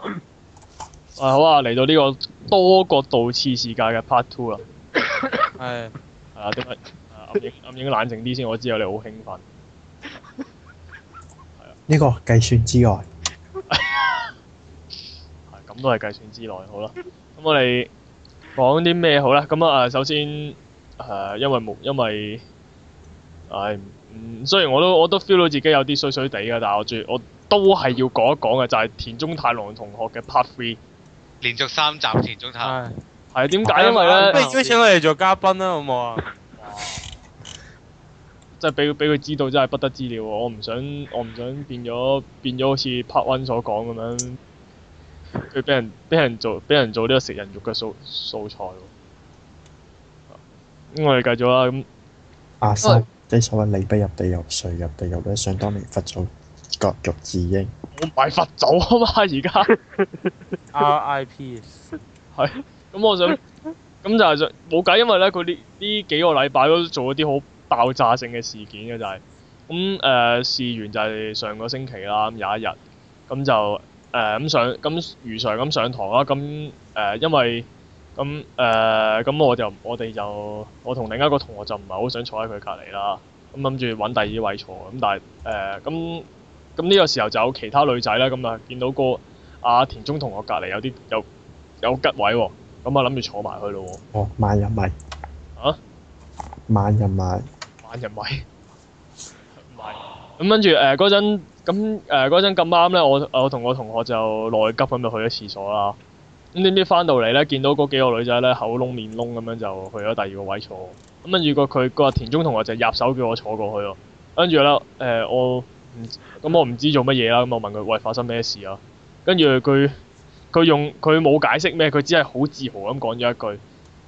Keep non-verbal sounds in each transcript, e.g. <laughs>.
啊好啊，嚟到呢個多角度次世界嘅 part two <laughs> 啊，係係啊，點解暗影暗影冷靜啲先？我知道啊，你好興奮，呢個計算之外，係咁、 <laughs> 啊、都係計算之內，好啦。咁我哋講啲咩好咧？咁啊，首先誒、啊，因為冇因為，唉、啊嗯，雖然我都我都 feel 到自己有啲衰衰哋嘅，但係我最我。都係要講一講嘅，就係、是、田中太郎同學嘅 Part Three，連續三集田中太郎係啊，點解唉？因為咧，不如請我哋做嘉賓啦，好唔好啊？即係俾俾佢知道，真係不得之了。我唔想，我唔想變咗變咗好似 Part One 所講咁樣，佢俾人俾人做俾人做呢個食人肉嘅素素材。咁、嗯、我哋繼續啦。咁阿修即係所謂你不入地獄，由誰入地獄又咧？想當年佛祖。格局自英，我唔係佛祖啊嘛！而家 R.I.P. 係咁，我想咁就係就冇計，因為咧佢呢呢幾個禮拜都做咗啲好爆炸性嘅事件嘅，就係咁誒試完就係上個星期啦，咁有一日咁就誒咁、呃、上咁、呃、如常咁上堂啦。咁誒、呃、因為咁誒咁我就我哋就我同另一個同學就唔係好想坐喺佢隔籬啦，咁諗住揾第二位坐咁，但係誒咁。呃呃嗯嗯嗯嗯咁呢個時候就有其他女仔啦，咁啊見到個阿田中同學隔離有啲有有吉位喎，咁啊諗住坐埋佢咯喎。哦，萬人迷。啊？萬人迷。萬人迷。咁跟住誒嗰陣，咁誒嗰陣咁啱咧，我我同我同學就內急咁就去咗廁所啦。咁點知翻到嚟咧，見到嗰幾個女仔咧口窿面窿咁樣就去咗第二個位坐。咁跟住個佢個田中同學就入手叫我坐過去咯。跟住咧誒我。咁我唔知做乜嘢啦，咁我問佢：喂，發生咩事啊？跟住佢，佢用佢冇解釋咩，佢只係好自豪咁講咗一句：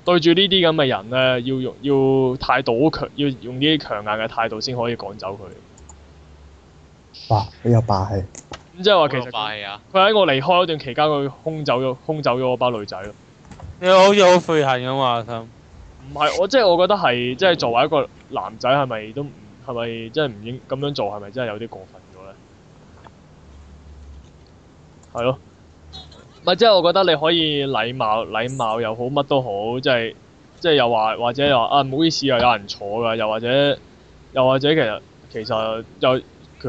對住呢啲咁嘅人咧，要用要態度好強，要用呢啲強硬嘅態度先可以趕走佢。霸，你 <noise> 又霸氣。咁即係話其實。霸氣啊！佢喺我離開嗰段期間，佢空走咗空走咗我班女仔咯。你好似好悔恨咁啊！我唔係，我即係我覺得係，即係作為一個男仔，係咪都？係咪真係唔應咁樣做？係咪真係有啲過分咗咧？係咯，咪即係我覺得你可以禮貌，禮貌又好，乜都好，即係即係又話或者又話啊，唔好意思又有人坐噶，又或者又或者其實其實又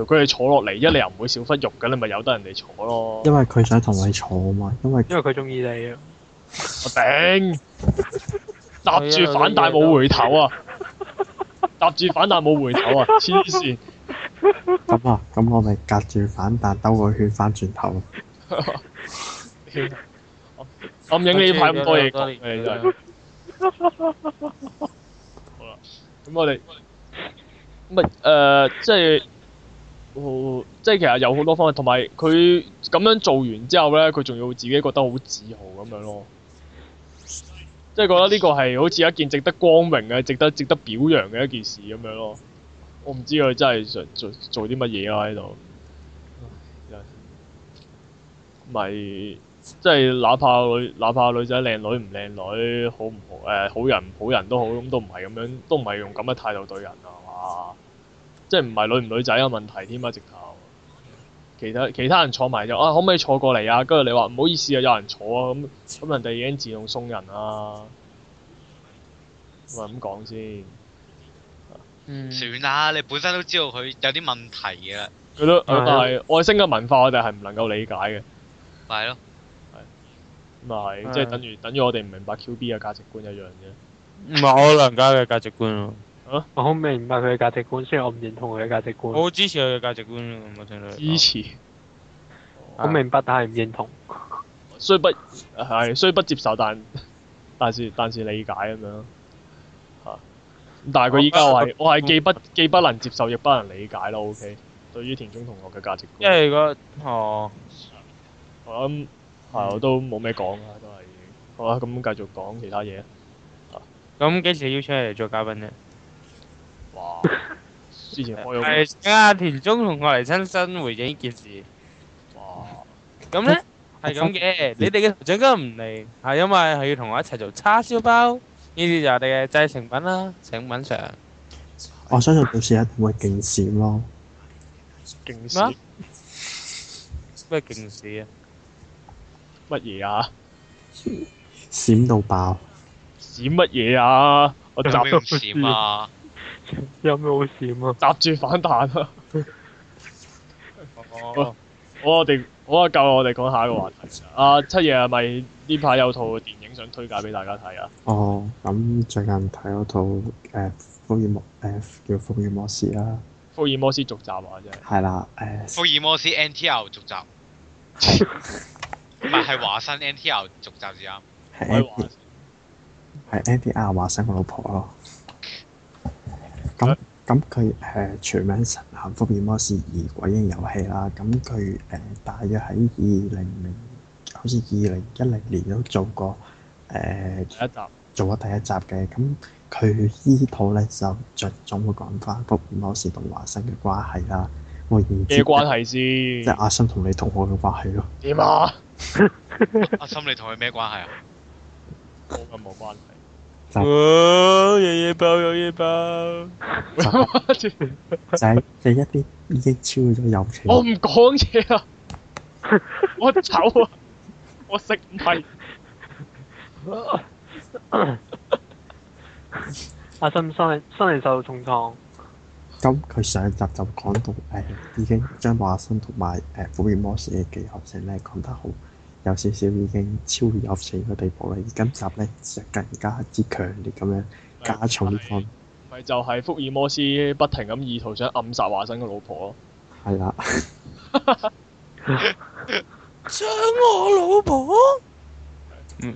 佢哋坐落嚟，一你又唔會少忽肉咁，你咪由得人哋坐咯。因為佢想同你坐啊嘛，因為因為佢中意你啊！頂， <laughs> 搭住反帶冇回頭啊！夾住反彈冇回頭啊！黐線。咁啊，咁我咪隔住反彈兜個圈翻轉頭。暗影要排咁多嘢講。好、嗯、啦，咁我哋，乜、嗯？誒，即係，即係其實有好多方法。同埋佢咁樣做完之後咧，佢仲要自己覺得好自豪咁樣咯。即係覺得呢個係好似一件值得光榮嘅、值得值得表揚嘅一件事咁樣咯。我唔知佢真係想做做啲乜嘢啊喺度。咪 <laughs> 即係哪怕女哪怕女仔靚女唔靚女，好唔好誒、呃、好人唔好人都好，咁都唔係咁樣，都唔係用咁嘅態度對人啊嘛。即係唔係女唔女仔嘅問題添啊，直頭。其他其他人坐埋就啊，可唔可以坐過嚟啊？跟住你話唔好意思啊，有人坐啊，咁咁人哋已經自動送人啦，咪咁講先。嗯，算啦，你本身都知道佢有啲問題嘅。佢都但係的外星嘅文化，我哋係唔能夠理解嘅。係咯的。係。咪、就、係、是，即係的等於等於我哋唔明白 QB 嘅價值觀一樣啫。唔係我梁家嘅價值觀啊。啊、我好明白佢嘅價值觀，雖然我唔認同佢嘅價值觀。我支持佢嘅價值觀，我聽你。支持。好、啊、明白，但係唔認同。雖不係，雖不接受，但但是但是理解咁樣。吓、啊，但係佢依家我係 Okay, 我係既不既不能接受，亦不能理解咯。O、okay? K，對於田中同學嘅價值觀。因為個哦、啊，我諗係我都冇咩講啦，都係。好啦啊，咁繼續講其他嘢。咁幾時邀請你嚟做嘉賓呢？係啊，田中同我嚟親身回應呢件事。哇！咁咧，係咁嘅，你哋嘅頭像今日唔嚟，係因為係要同我一齊做叉燒包，呢啲就係我哋嘅製成品啦。請品嚐。我相信到時一定會勁閃咯。勁閃咩？勁閃啊！乜嘢啊？閃到爆！閃乜嘢啊？我集唔閃啊！有咩好閃啊？集住反彈啊！我我我哋我夠啦，我哋講下一個話題啊！七爺係咪呢排有套電影想推介俾大家睇？哦呃呃、啊？哦，咁最近睇嗰套誒福爾摩誒叫福爾摩斯啦，福爾摩斯續集啊，真係係啦誒，呃、福爾摩斯 N T L 續集唔係係華生 N T L 續集至，啊、啱，係 N D Y 係 N T L R 華生個老婆咯，啊。咁咁佢誒全名神探福爾摩斯二鬼影遊戲啦。咁佢誒大約喺二零零，好似二零一零年都做過誒。呃、第一集做咗第一集嘅。咁佢依套咧就着重會講翻福爾摩斯同華生嘅關係啦。我唔知咩關係先？即係阿生同你同我嘅關係咯。點啊？ <laughs> 阿生你同佢咩關係啊？冇，咁冇關係。哦，夜夜爆，夜夜爆！就係一啲已經超過咗友情。我唔講嘢啊！我走啊！我食唔係。阿信新嚟，新嚟就重創。咁佢上集就講到誒，已經將華生同埋誒福爾摩斯嘅結合先嚟講得好。有少少已經超有死嘅地步啦！而今集咧，就更加之強烈咁樣加重呢分咪就係福爾摩斯不停咁意圖想暗殺華生嘅老婆咯。係啦。想我老婆？嗯。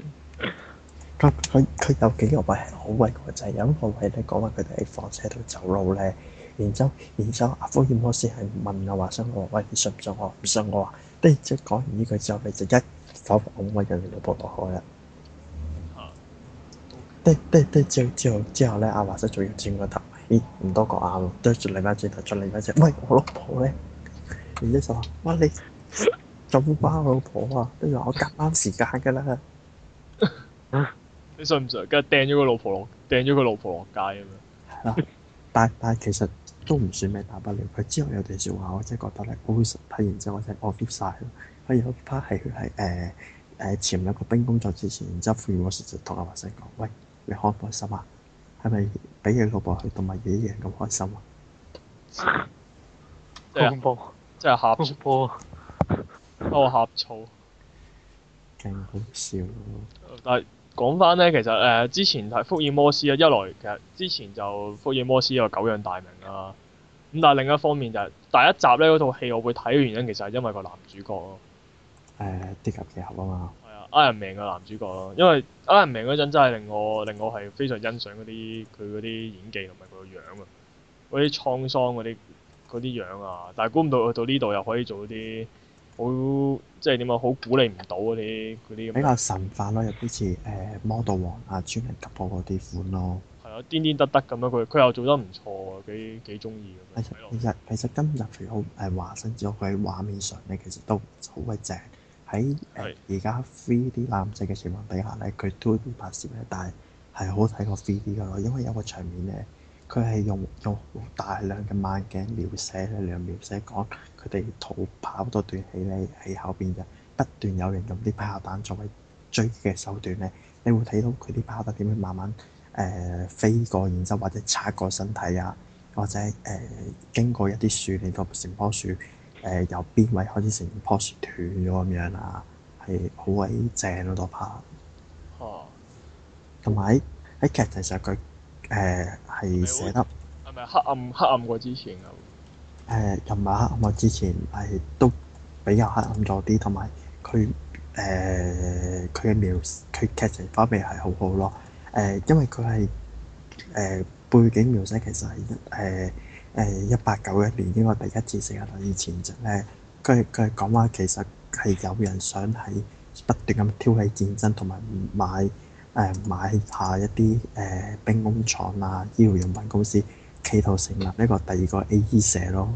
佢佢佢有幾個位係好位嘅仔。係有一個位咧，講話佢哋喺火車度走路咧，然之後然之後阿福爾摩斯係問阿華生：我話喂，你信唔信我？唔信我啊！話即係講完呢句之後，你就一。手唔好咪人哋老婆落去啦，啲啲啲，之後之後咧阿華叔仲要轉個頭，唔多講啊，再轉另一把轉頭，再另一把就喂我老婆咧，然之後就話哇你仲包老婆啊，跟住我夾啱時間噶啦，你信唔信？跟住掟咗個老婆落掟咗個老婆落街咁樣，但但其實。都唔算咩大不了，佢之後有段時話，我真係覺得咧，好去實然之後，我真係惡啲曬咯。佢有一 part 係佢係誒誒潛兩個兵工作之前，然之後副業實實同阿華生講，喂，你開唔開心啊？係咪畀你老婆去動物園一樣咁開心啊？咁是恐怖！即係呷醋，都係呷醋，勁 <laughs> 好笑。但講翻呢，其實誒、呃、之前睇《福爾摩斯》啊，一來其實之前就福爾摩斯有九樣大名啦。咁但係另一方面就係、是、第一集呢套戲，我會睇嘅原因其實係因為個男主角咯。誒、呃，跌入地合啊嘛！係啊、嗯，Iron Man 嘅男主角咯，因為 Iron Man 嗰陣真係令我令我係非常欣賞嗰啲佢嗰啲演技同埋佢個樣啊，嗰啲滄桑嗰啲啲樣啊，但係估唔到去到呢度又可以做啲。好即係點啊？好鼓勵唔到嗰啲啲比較神化咯，有好似誒 Model 王啊，專人急我嗰啲款咯。係啊，癲癲得得咁樣，佢佢又做得唔錯啊，幾幾鍾意咁。其實其實其實今日佢好係話身咗，佢喺畫面上咧其實都好鬼正。喺誒而家 three D 男仔嘅情況底下咧，佢都拍攝咧，但係係好睇過 three D 噶咯，因為有個場面咧。佢係用用大量嘅慢鏡描寫咧，兩描寫講佢哋逃跑到斷起你喺後邊嘅，不斷有人用啲炮彈作為追擊嘅手段咧，你會睇到佢啲炮彈點樣慢慢誒、呃、飛過然，然之後或者擦過身體啊，或者誒、呃、經過一啲樹，你個成樖樹誒由、呃、邊位開始成樖樹斷咗咁樣啊，係好鬼正咯，多拍。嚇！同埋喺喺劇情上佢。誒係、呃、寫得係咪黑暗黑暗過之前啊？誒、呃，咁暗黑我之前係、呃、都比較黑暗咗啲，同埋佢誒佢嘅描，佢、呃、劇情方面係好好咯。誒、呃，因為佢係誒背景描寫其實係誒誒一八九一年應該第一次世界大戰前誒、就是，佢佢講話其實係有人想喺不斷咁挑起戰爭同埋唔買。誒買下一啲誒兵工廠啊，醫療用品公司，企圖成立一個第二個 A.E 社咯。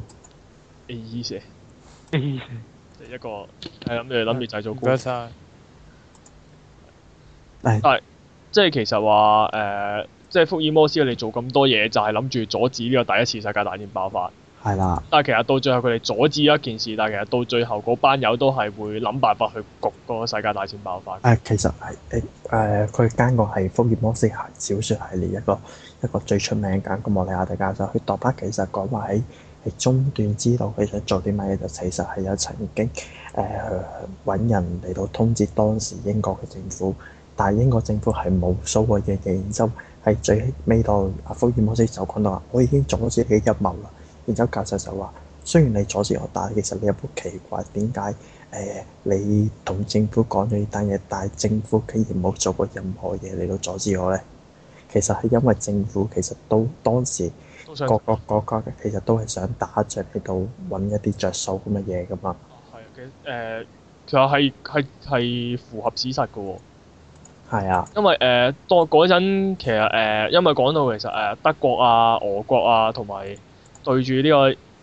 A.E 社。A.E 社。一個係諗住諗住製造。講曬、啊。係。係。即係其實話誒，即、呃、係、就是、福爾摩斯你做咁多嘢，就係諗住阻止呢個第一次世界大戰爆發。係啦，但係其實到最後佢哋阻止一件事，但係其實到最後嗰班友都係會諗辦法去焗嗰個世界大戰爆發。誒、啊，其實係誒誒，佢間個係福爾摩斯小說系列一個一個最出名嘅一個莫里亞蒂教授。佢度翻其實講話喺係中段知道佢想做啲乜嘢，就其實係有曾經誒揾、呃、人嚟到通知當時英國嘅政府，但係英國政府係冇所謂嘅嘢。然之後係最尾到阿福爾摩斯就講到話：我已經做咗自己陰謀啦。然之後，教授就話：雖然你阻止我打，但其實你有啲奇怪，點解誒你同政府講咗呢單嘢，但係政府竟然冇做過任何嘢嚟到阻止我咧？其實係因為政府其實都當時都想各個國家其實都係想打仗嚟到揾一啲着數咁嘅嘢噶嘛。係嘅誒，其實係係係符合事實噶喎、哦。係啊因、呃呃，因為誒，當嗰陣其實誒，因為講到其實誒、呃、德國啊、俄國啊同埋。對住呢、這個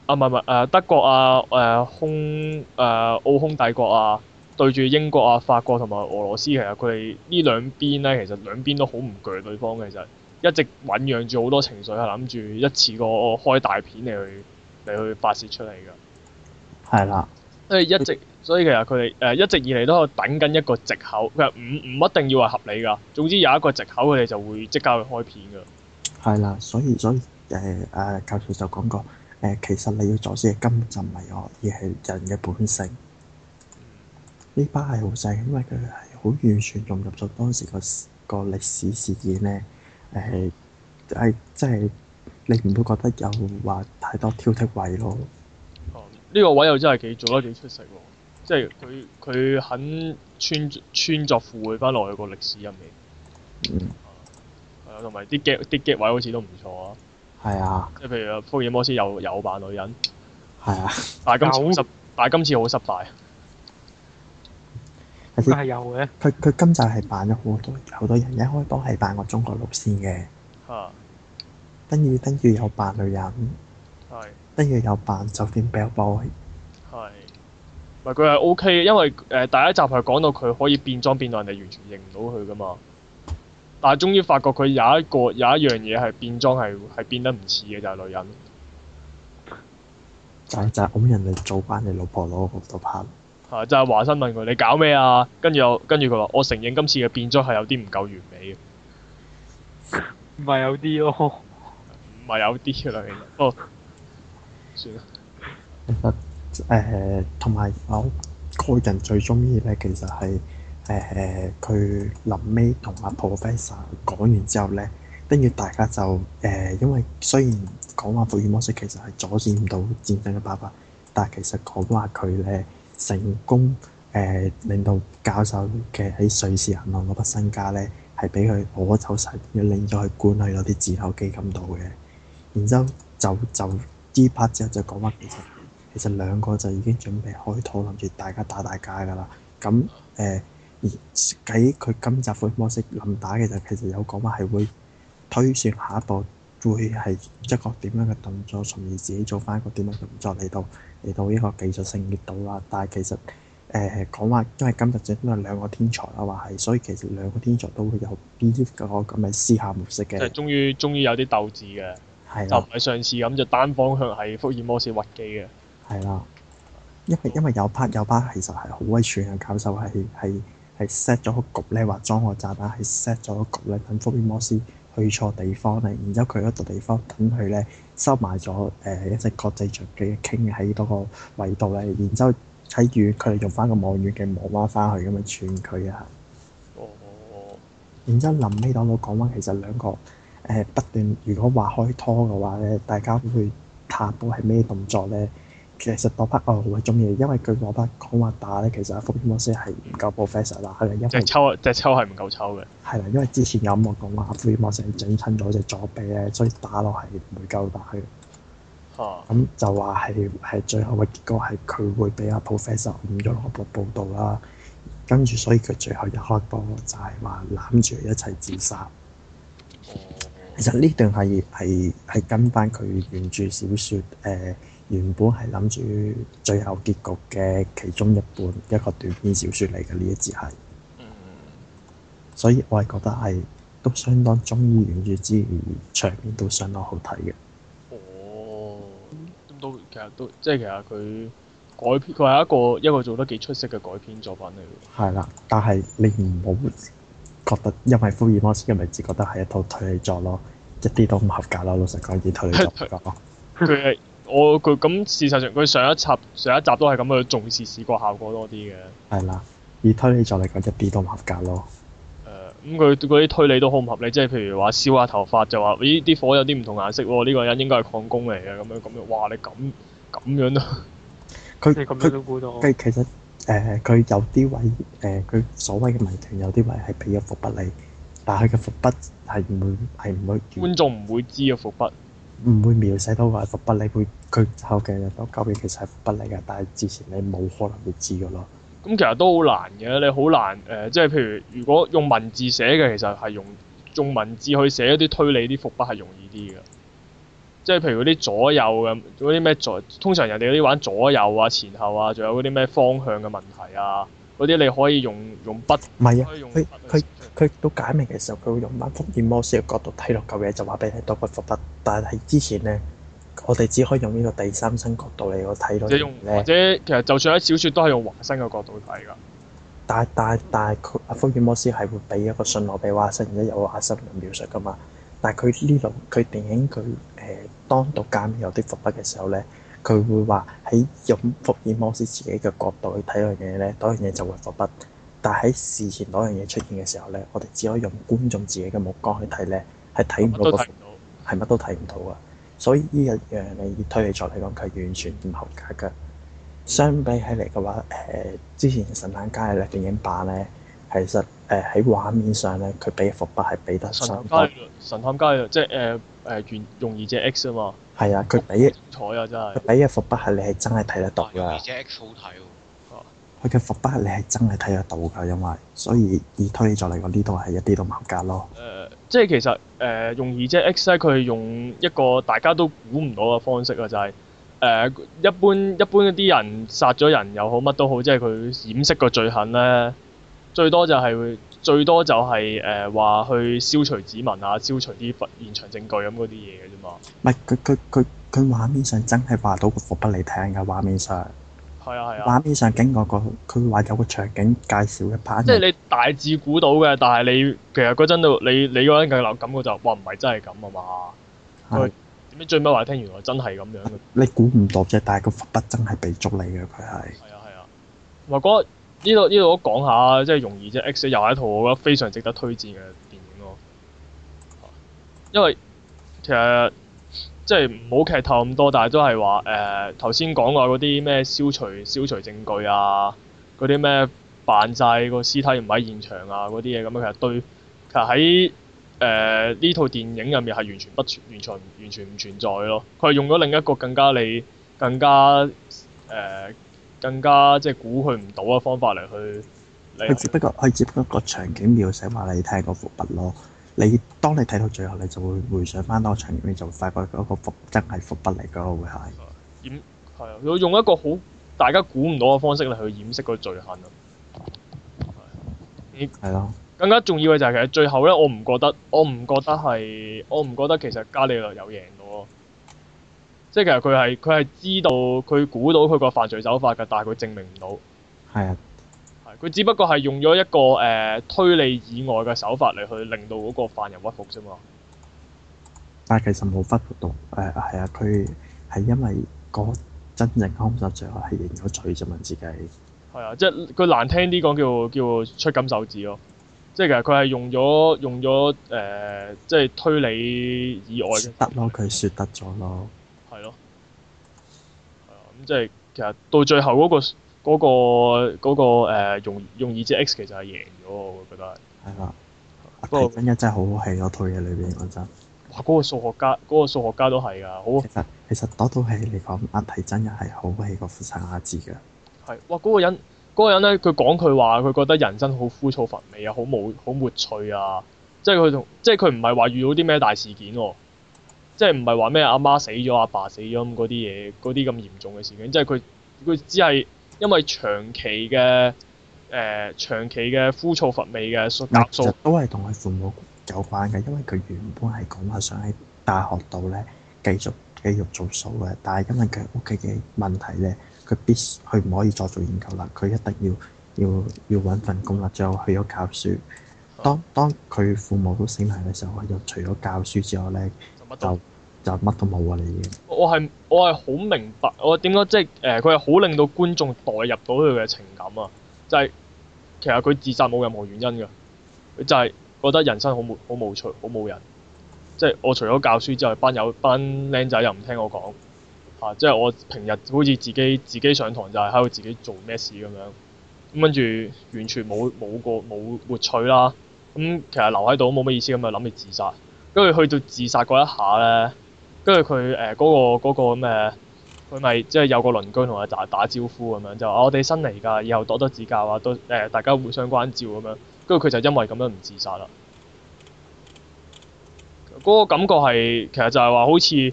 啊，唔係唔係誒德國啊誒、呃、空誒、呃、奧匈帝國啊對住英國啊法國同埋俄羅斯，其實佢哋呢兩邊咧，其實兩邊都好唔懼對方，其實一直醖釀住好多情緒，係諗住一次過開大片嚟去嚟去發泄出嚟㗎。係啦的，所以一直所以其實佢哋誒一直以嚟都係等緊一個藉口，佢話唔唔一定要係合理㗎，總之有一個藉口佢哋就會即刻去開片㗎。係啦，所以所以。誒啊、呃、教授就講過誒、呃，其實你要阻止嘅根本就唔係我，而係人嘅本性。呢班係好正，因為佢係好完全融入咗當時個個歷史事件咧。誒、呃、誒、呃呃，即係你唔會覺得有話太多挑剔位咯。呢、啊呢個位又真係幾做得幾出色喎！即係佢佢肯穿穿作附會翻落去個歷史入面。係、嗯、啊，同埋啲 gag 啲 gag 位好似都唔錯啊！係啊，即係譬如啊，福爾摩斯又又扮女人，係啊，但係今次失，有但係今次好失敗。佢係是有嘅，佢佢今集係扮咗好多好多人，一開波係扮我中國路線嘅，哦、啊，跟住跟住又扮女人，係、啊，跟住又扮酒店 bellboy，係是，唔係佢係 O K 嘅，OK, 因為誒、呃、第一集係講到佢可以變裝變到人哋完全認唔到佢噶嘛。但係終於發覺佢有一個，有一樣嘢係變裝係係變得唔似嘅，就係、是、女人，就就係咁，人哋做翻你老婆攞個 foto 拍，係、啊、就係、是、華生問佢你搞咩啊？跟住我跟住佢話，我承認今次嘅變裝係有啲唔夠完美嘅，唔係有啲咯，唔係有啲嘅啦，其實哦，oh, 算啦，其誒同埋我個人最中意咧，其實係。誒佢臨尾同阿 professor 講完之後咧，跟住大家就誒、呃，因為雖然講話復元模式其實係阻止唔到戰爭嘅爆發，但係其實講話佢咧成功誒、呃，令到教授嘅喺瑞士銀行嗰筆身家咧係俾佢攞走晒，要令咗去管佢嗰啲自投基金度嘅。然後、G、之後就就呢 part 之後就講話，其實其實兩個就已經準備開拖，諗住大家打大家㗎啦。咁誒。呃而喺佢今集福爾摩斯模式冧打嘅就其實有講話係會推算下一步，會係一個點樣嘅動作，從而自己做翻一個點樣嘅動作嚟到嚟到呢個技術性嘅倒啦。但係其實誒講、呃、話，因為今日整都係兩個天才啊，話係所以其實兩個天才都會有邊個咁嘅思考模式嘅。即係終於終於有啲鬥志嘅，的就唔係上次咁就單方向係福爾摩斯屈機嘅。係啦，因為因為有 part 有 part 其實係好威炫嘅，教授係係。係 set 咗個局咧，或裝個炸彈係 set 咗個局咧，等福爾摩斯去錯地方咧，然之後佢嗰度地方等佢咧收埋咗誒一隻國際象棋嘅傾喺嗰個位度咧，然之後喺住佢哋用翻個望遠鏡望翻翻去咁樣串佢啊。哦，然之後臨尾等到講翻，其實兩個誒不斷，如果話開拖嘅話咧，大家會踏到係咩動作咧？其實多巴、哦、我係中意，因為佢多巴講話打咧，其實阿福爾摩斯係唔夠 professional 啦。即係抽，即係抽係唔夠抽嘅。係啦，因為之前有冇講話，福爾摩斯整親咗隻左臂咧，所以打落係唔會夠打嘅。嚇！咁 <music> 就話係係最後嘅結果係佢會俾阿 Professor 誤咗落個報道啦。跟住所以佢最後一開波就係話攬住佢一齊自殺。其實呢段係係係跟翻佢原著小説誒。呃原本係諗住最後結局嘅其中一本一個短篇小説嚟嘅，呢一節係，嗯、所以我係覺得係都相當中意，原著之餘長篇都相當好睇嘅。哦，咁都其實都即係其實佢改編，佢係一個一個做得幾出色嘅改編作品嚟。係啦，但係你唔好覺得，因為《福爾摩斯》嘅名字只覺得係一套推理作咯，一啲都唔合格啦。老實講，以推理作嚟 <laughs> 我佢咁，事實上佢上一集，上一集都係咁去重視視覺效果多啲嘅。係啦，以推理就嚟講一啲都唔合格咯。誒、uh, 嗯，咁佢嗰啲推理都好唔合理，即係譬如話燒下頭髮就話咦啲火有啲唔同顏色喎，呢、這個人應該係礦工嚟嘅咁樣咁樣，哇你咁咁樣都佢哋咁樣都估到佢其實誒佢、呃、有啲位誒佢、呃、所謂嘅謎團有啲位係俾咗伏筆你，但係佢嘅伏筆係唔會係唔會。會觀眾唔會知嘅伏筆。唔會描寫到話伏筆你會佢後鏡入到究竟其實係伏筆嚟嘅，但係之前你冇可能會知㗎咯。咁其實都好難嘅，你好難誒、呃，即係譬如如果用文字寫嘅，其實係用用文字去寫一啲推理啲伏筆係容易啲嘅。即係譬如嗰啲左右嘅嗰啲咩左，通常人哋嗰啲玩左右啊、前後啊，仲有嗰啲咩方向嘅問題啊。嗰啲你可以用用筆，唔係啊，佢佢佢到解明嘅時候，佢會用返福爾摩斯嘅角度睇落舊嘢，就話俾你多個伏筆。但係之前咧，我哋只可以用呢個第三身角度嚟我睇到。或用，或者其實就算喺小説都係用華生嘅角度睇㗎。但但但係佢阿福爾摩斯係會俾一個信號俾華生，而且有華生嘅描述㗎嘛。但係佢呢度佢電影佢誒、呃、當讀解有啲伏筆嘅時候咧。佢會話喺用福爾摩斯自己嘅角度去睇嗰樣嘢咧，嗰樣嘢就會伏筆。但係喺事前嗰樣嘢出現嘅時候咧，我哋只可以用觀眾自己嘅目光去睇咧，係睇唔到個，係乜都睇唔到啊！所以呢一樣你以推理作嚟講，佢係完全唔合格嘅。相比起嚟嘅話，誒、呃、之前神街、呃神街《神探伽利略》電影版咧，其實誒喺畫面上咧，佢俾伏筆係俾得十分。神探伽神探伽利略，即係誒誒，容、呃呃、容易借 X 啊嘛。係啊，佢第一彩啊，真係佢第一伏筆係你係真係睇得到噶，佢嘅，啊哦、伏筆你係真係睇得到噶，因為所以以推理嚟講呢度係一啲都冇價咯。誒、呃，即係其實誒、呃，用二 j x 佢用一個大家都估唔到嘅方式啊，就係、是、誒、呃，一般一般啲人殺咗人又好，乜都好，即係佢掩飾個罪行咧，最多就係會。最多就係誒話去消除指紋啊，消除啲罰現場證據咁嗰啲嘢嘅啫嘛。唔係，佢佢佢佢畫面上真係畫到個伏筆嚟聽㗎，畫面上。係啊係啊。啊畫面上經過個佢話有個場景介紹一拍。即係你大致估到嘅，但係你其實嗰陣都你你嗰陣嘅留感覺就話唔係真係咁啊嘛。係、啊。點知最尾話聽原來真係咁樣。你估唔到啫，但係個伏筆真係被捉嚟嘅佢係。係啊係啊。話嗰、啊。呢度呢度都講下，即係容易即係 X、A、又係一套我覺得非常值得推薦嘅電影咯。因為其實即係唔好劇透咁多，但係都係話誒頭先講話嗰啲咩消除消除證據啊，嗰啲咩扮晒個屍體唔喺現場啊嗰啲嘢咁樣，其實對其實喺誒呢套電影入面係完全不存完全完全唔存在咯。佢係用咗另一個更加你更加誒。呃更加即係估佢唔到嘅方法嚟去，佢只不過，佢只不過個場景描寫話你睇下個伏筆咯。你當你睇到最後，你就會回想翻個場景，你就會發覺嗰個伏真係伏筆嚟嘅，會係。掩係啊！佢用一個好大家估唔到嘅方式嚟去掩飾個罪行，啊！係、嗯、咯。了更加重要嘅就係其實最後咧，我唔覺得，我唔覺得係，我唔覺得其實加利略有贏。即係其實佢係佢係知道佢估到佢個犯罪手法㗎，但係佢證明唔到。係啊，係佢只不過係用咗一個誒、呃、推理以外嘅手法嚟去令到嗰個犯人屈服啫嘛。但係其實冇屈服到誒，係啊，佢係因為嗰真正凶手最後係認咗罪，就問自己係啊，即係佢難聽啲講叫叫出金手指咯。即係其實佢係用咗用咗誒、呃，即係推理以外嘅手法。嘅得咯，佢説得咗咯。即係其實到最後嗰、那個嗰、那個嗰、那個、呃、用用二隻 X 其實係贏咗，我覺得係。係啦吧。阿、那個、真嘅真係好好戲嗰套嘢裏邊，講真。哇！嗰、那個數學家嗰、那個數學家都係㗎，好。其實其實嗰套戲嚟講，阿提真嘅係好戲過富《富察雅緻》㗎。係哇！嗰個人嗰、那個人咧，佢講佢話佢覺得人生好枯燥乏味啊，好冇好沒趣啊。即係佢同即係佢唔係話遇到啲咩大事件喎、啊。即係唔係話咩阿媽死咗阿爸，爸死咗咁，嗰啲嘢嗰啲咁嚴重嘅事件。即係佢佢只係因為長期嘅誒、呃、長期嘅枯燥乏味嘅數學數，其實都係同佢父母有關嘅，因為佢原本係講話想喺大學度咧繼續繼續做數嘅，但係因為佢屋企嘅問題咧，佢必須佢唔可以再做研究啦，佢一定要要要揾份工啦，之後去咗教書。當當佢父母都死埋嘅時候，佢就除咗教書之外咧就。就乜都冇啊！你我係我係好明白，我點解？即係誒？佢係好令到觀眾代入到佢嘅情感啊！就係、是、其實佢自殺冇任何原因嘅，佢就係、是、覺得人生好冇好無趣好冇人，即、就、係、是、我除咗教書之外，班友班僆仔又唔聽我講吓，即、啊、係、就是、我平日好似自己自己上堂就係喺度自己做咩事咁樣咁，跟住完全冇冇個冇活趣啦。咁、嗯、其實留喺度都冇乜意思，咁就諗住自殺。跟住去到自殺嗰一下咧。跟住佢誒嗰個嗰、那個咩佢咪即係有個鄰居同阿咋打招呼咁樣，就話我哋新嚟㗎，以後多多指教啊，都誒、呃、大家互相關照咁樣。跟住佢就因為咁樣唔自殺啦。嗰、那個感覺係其實就係話好似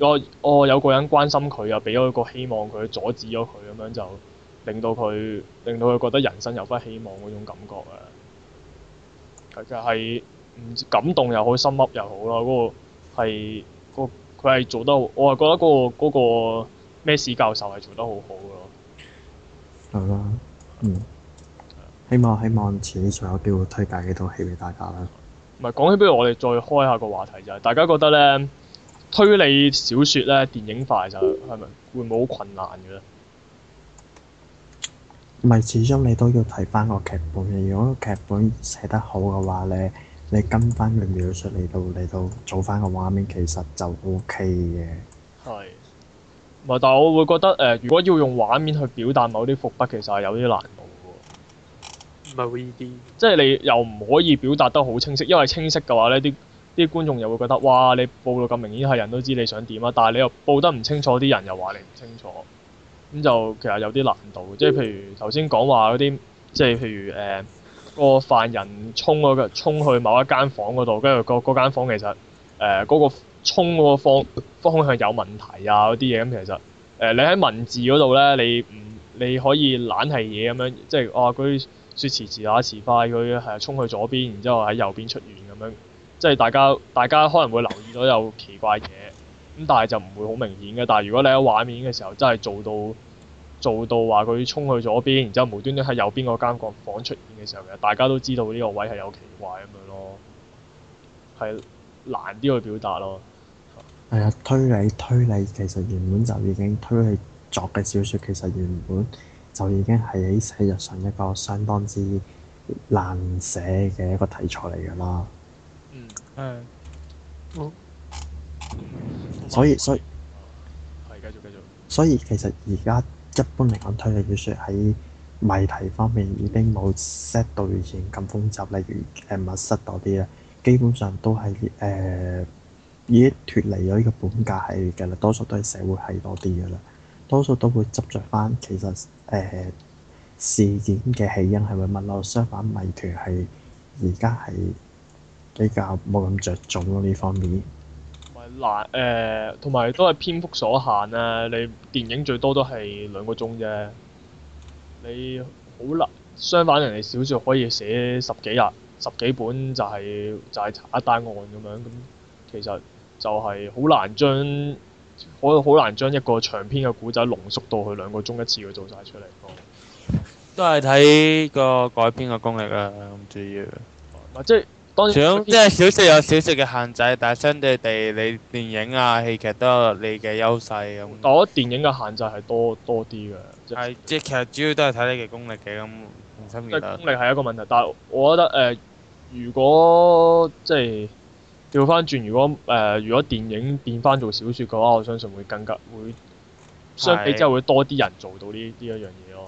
我我有個人關心佢啊，俾咗一個希望佢，阻止咗佢咁樣，就令到佢令到佢覺得人生有返希望嗰種感覺啊。係嘅，係唔感動又好，心噏又好啦。嗰、那個係。佢係做得，我係覺得嗰個咩史教授係做得好得、嗰個嗰個、做得好咯。係咯，嗯。希望希望遲啲仲有機會推介幾套戲俾大家啦。唔係講起，不如我哋再開下個話題就係，大家覺得咧推理小説咧電影化就係、是、咪會唔會好困難嘅咧？唔係始終你都要睇翻個劇本嘅，如果個劇本寫得好嘅話咧。你跟翻佢描述嚟到嚟到做翻個畫面，其實就 OK 嘅。係。唔係，但係我會覺得誒、呃，如果要用畫面去表達某啲伏筆，其實係有啲難度嘅。唔係 V D。即係你又唔可以表達得好清晰，因為清晰嘅話咧，啲啲觀眾又會覺得哇，你報到咁明顯係人都知你想點啊！但係你又報得唔清楚，啲人又話你唔清楚。咁就其實有啲難度。即係譬如頭先講話嗰啲，即係譬如誒。呃個犯人衝去某一間房嗰度，跟住個嗰間房其實誒嗰、呃那個嗰個衝方方向有問題啊，嗰啲嘢咁，其實誒、呃、你喺文字嗰度咧，你唔你可以懶係嘢咁樣，即係話佢説遲遲下遲快佢係衝去左邊，然之後喺右邊出現咁樣，即係大家大家可能會留意到有奇怪嘢，咁但係就唔會好明顯嘅。但係如果你喺畫面嘅時候真係做到。做到話佢衝去左邊，然之後無端端喺右邊嗰間房出現嘅時候嘅，大家都知道呢個位係有奇怪咁樣咯，係難啲去表達咯。係啊，推理推理其實原本就已經推理作嘅小説，其實原本就已經係喺寫作上一個相當之難寫嘅一個題材嚟㗎啦。嗯，係。所以，嗯、所以係繼續繼續。繼續所以其實而家。一般嚟講，推理小説喺謎題方面已經冇 set 到以前咁複雜，例如誒密室多啲啦，基本上都係誒、呃、已經脱離咗呢個本格系嘅啦，多數都係社會係多啲嘅啦，多數都會執着翻其實誒、呃、事件嘅起因係為乜咯，相反謎團係而家係比較冇咁着重咯呢方面。嗱，誒，同、呃、埋都係篇幅所限啊！你電影最多都係兩個鐘啫，你好難。相反，人哋小説可以寫十幾日、十幾本、就係，就係就係查一單案咁樣咁、嗯。其實就係好難將，好好難將一個長篇嘅古仔濃縮到去兩個鐘一次去做晒出嚟。都係睇個改編嘅功力啦、啊，咁主要。即係。當主要即係、就是、小説有小説嘅限制，但係相對地你電影啊戲劇都有你嘅優勢咁。但我覺得電影嘅限制係多多啲嘅，係即係其實主要都係睇你嘅功力嘅咁，唔使講，功力係一個問題，但係我覺得誒、呃，如果即係調翻轉，如果誒如果電影變翻做小説嘅話，我相信會更加會相比之後會多啲人做到呢啲一樣嘢咯。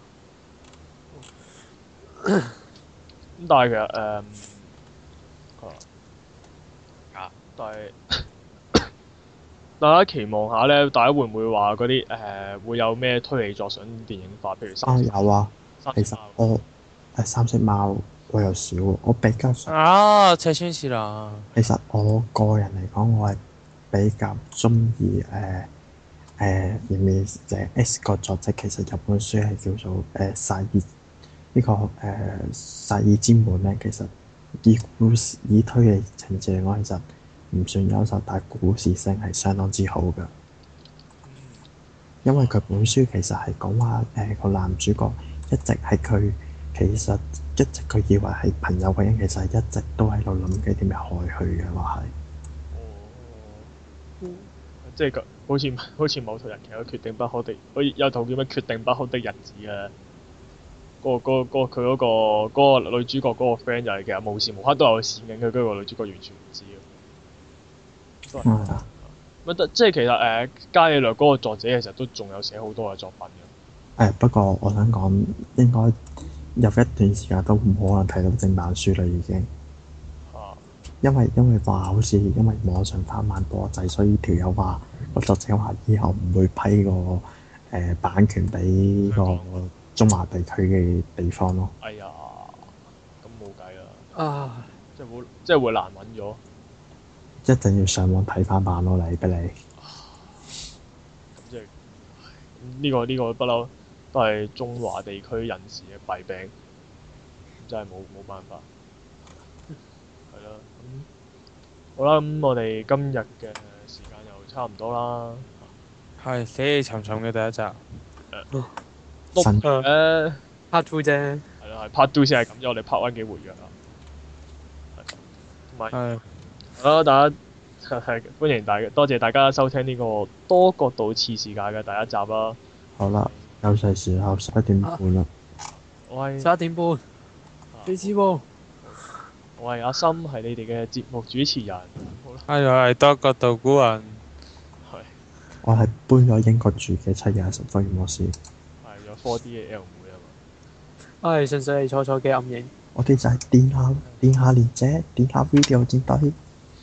咁但係其實誒，啊、 <coughs> 嗯，但係，嗯、但 <coughs> 大家期望下咧，大家會唔會話嗰啲誒會有咩推理作想電影化？譬如三、啊》有啊，三其實我，誒三色貓我又少，我比較想啊赤川次郎。其實我個人嚟講，我係比較中意誒誒，唔係誒 S 個作者，其實有本書係叫做誒殺意。呃這個呃、呢個誒殺意之門咧，其實以故事以推嘅情節嚟講，其實唔算優秀，但係故事性係相當之好嘅。因為佢本書其實係講話誒個、呃、男主角一直係佢其實一直佢以為係朋友嘅人，其實一直都喺度諗緊點樣害佢嘅話係。哦，即、嗯、係、嗯這個好似好似冇同人哋有決定不可的，好似有套叫咩決定不可的日子啊！嗰個、嗰個、個佢嗰個、嗰、嗰個女主角嗰個 friend 就係其實無時無刻都有去攝影佢，跟個女主角完全唔知嘅。But, 嗯。得？即係其實誒、呃，加里略嗰個作者其實都仲有寫好多嘅作品嘅。誒，不過我想講，應該有一段時間都唔可能睇到正版書啦，已經。哦、啊。因為因為話好似因為網上翻版多仔，所以條友話個作者話以後唔會批個誒、呃、版權俾個，嗯嗯中華地區嘅地方咯。哎呀，咁冇計啦。啊，即係冇，即係會難揾咗。一定要上網睇翻版咯，嚟俾你。咁即係，呢個呢個不嬲，都係中華地區人士嘅弊病，真係冇冇辦法。係啦， <laughs> 咁好啦，咁我哋今日嘅時間又差唔多啦。係，死氣沉沉嘅第一集。誒、呃。 <laughs> 錄完咧，拍 do 啫，係咯係拍 do 先係咁，因為我哋拍返幾回約啦。唔係，是好啦，大家係歡迎大，多謝大家收聽呢個多角度次世界嘅第一集啦。好啦，休息時候十一點半啦，喂、啊，十一點半，你知喎？我係阿森，係你哋嘅節目主持人。係，係多角度古人。係是我係搬咗英國住嘅七廿十分爾摩斯。有多啲嘢又唔會啊嘛，係，純粹係楚楚嘅暗影。我哋就係點下點下蓮姐，點下 video 剪低。係，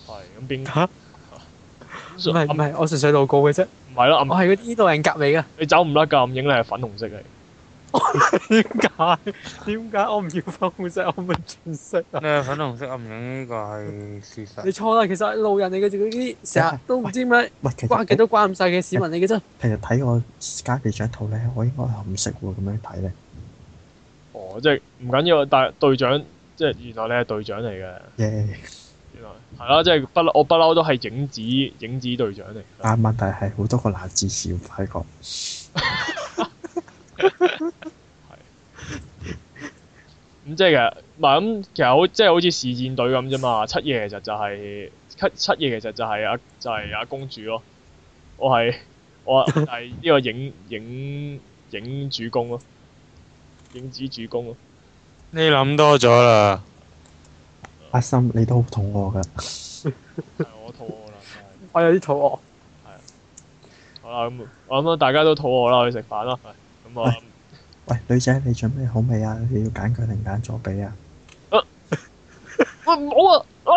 咁變㗎？唔係唔係，我純粹路過嘅啫。唔係咯，我係呢度路人隔籬嘅。你走唔甩㗎，暗影你係粉紅色嘅。點解？點解 <laughs> 我唔要紅色，我全粉紅色暗影鑽石啊？誒，粉紅色暗影呢個係事實。你錯啦，其實路人嚟嘅，嗰啲成日都唔知咩，掛幾都掛唔晒嘅市民嚟嘅啫。平時睇我家隊長套咧，我應該係暗色喎，咁樣睇咧。哦，即係唔緊要，但係隊長，即係原來你係隊長嚟嘅。耶！Yeah. 原來係啦，即係不嬲，我不嬲都係影子影子隊長嚟。但係問題係，好多個難字少睇過。 <laughs> 咁、嗯、即係，唔係咁，其實好即係好似試戰隊咁啫嘛。七夜其實就係、是、七七夜，其實就係阿、啊、就係、是、阿、啊、公主咯、啊。我係我係呢個影 <laughs> 影影主公咯、啊，影子主公咯、啊。你諗多咗啦，啊、阿心，你都好肚餓㗎。我肚餓啦，我有啲肚餓。係好啦，咁我諗大家都肚餓啦，我去食飯啦。咁啊。 <laughs> 喂，女仔，你準備好未啊？你要揀佢定揀左臂啊？啊！我唔好啊！啊！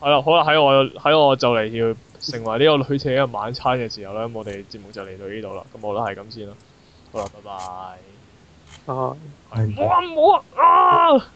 係啦，好啦，喺我喺我就嚟要成為呢個女仔嘅晚餐嘅時候咧，我哋節目就嚟到呢度啦。咁我哋係咁先啦。好啦，拜拜。啊！我唔好啊！啊！